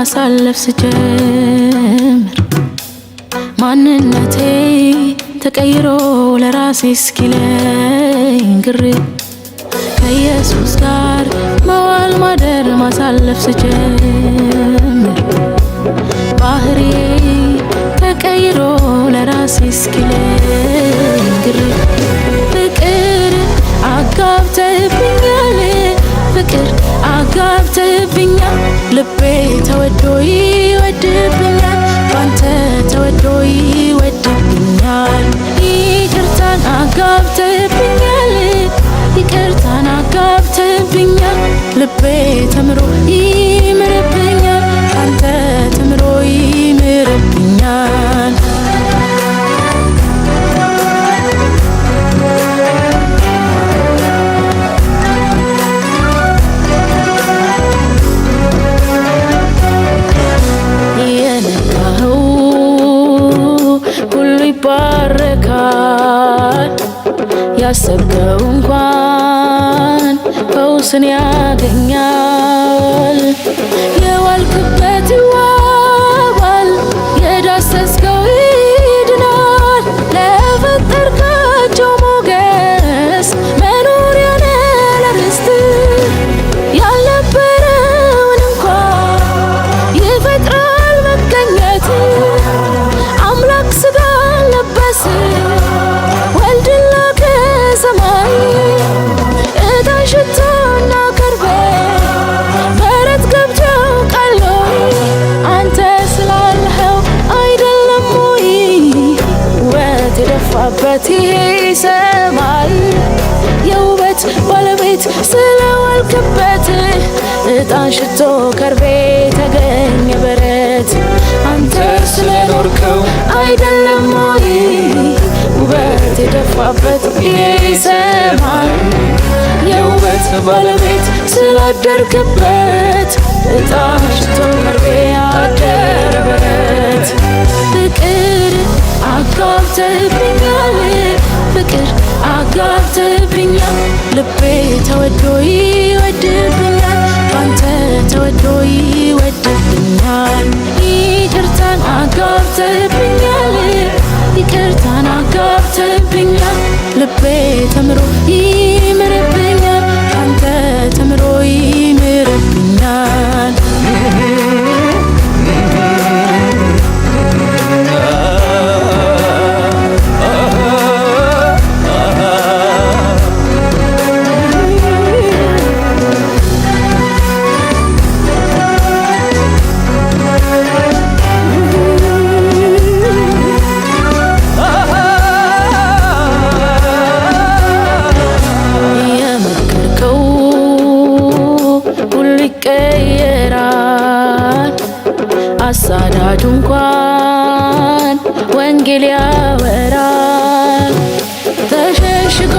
ማሳለፍ ስጀምር ማንነቴ ተቀይሮ ለራሴ እስኪለኝ ግር ከኢየሱስ ጋር መዋል ማደር ማሳለፍ ስጀምር ባህሬ ተቀይሮ ለራሴ እስኪለኝ ግር ፍቅር አጋብተህብኛል ፍቅር አጋብተህብኛል ልቤ ተወዶ ይወድብኛል ባንተ ተወዶ ይወድብኛል ይቅርታን አጋብተብኛል ይቅርታን አጋብተብኛል ልቤ ተምሮ ያላሰብከው እንኳን ፈውስን ያገኛል የዋልክበት ጩኸት ይሰማል የውበት ባለቤት ስለዋልክበት እጣን ሽቶ ከርቤ ተገኘ በረት አንተ ስለኖርከው አይደለም ወይ ውበት የደፋበት ይሰማል የውበት ባለቤት ስላደርክበት እጣን ሽቶ ከርቤ አደረ በረት ፍቅር አጋብተብኛል ፍቅር አጋብተብኛል ልቤ ተወዶ ይወድብኛል ባንተ ተወዶ ይወድብኛል ይቅርታን አጋብተብኛል ይቅርታን አጋብተብኛል ልቤ ተምሮ ይቀየራል። አሳዳጁ እንኳን ወንጌል ያወራል ተሸሽጎ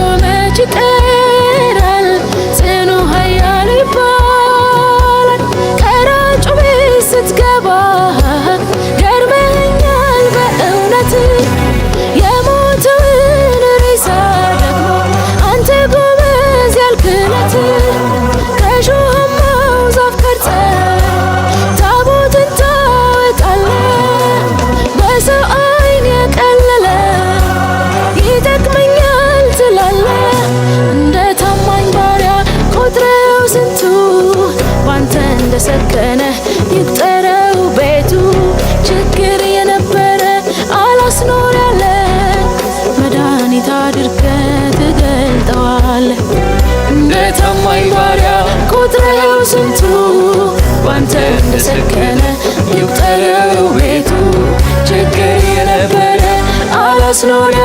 የሰከነ ይቁጠረው ቤቱ ችግር የነበረ አላስኖረ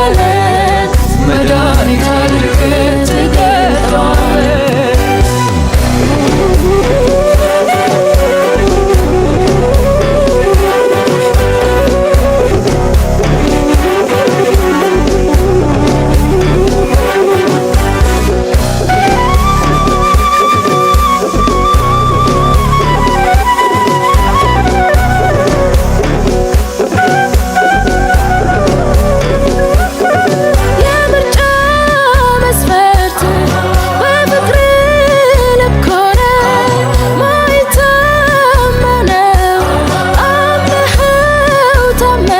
time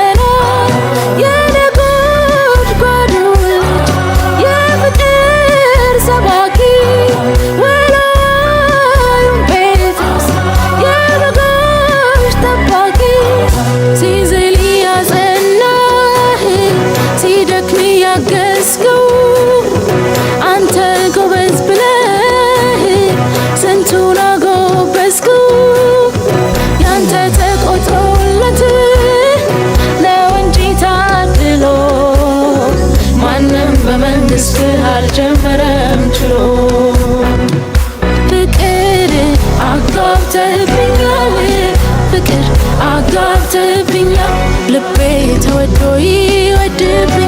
አጋብተህብኛል ፍቅር አጋብተህብኛል ልቤ ተወዶ ይወድብኛል